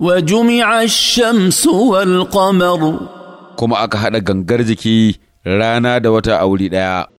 وجمع الشمس والقمر كما أكهد غنجر جكي رانا دوتا أولي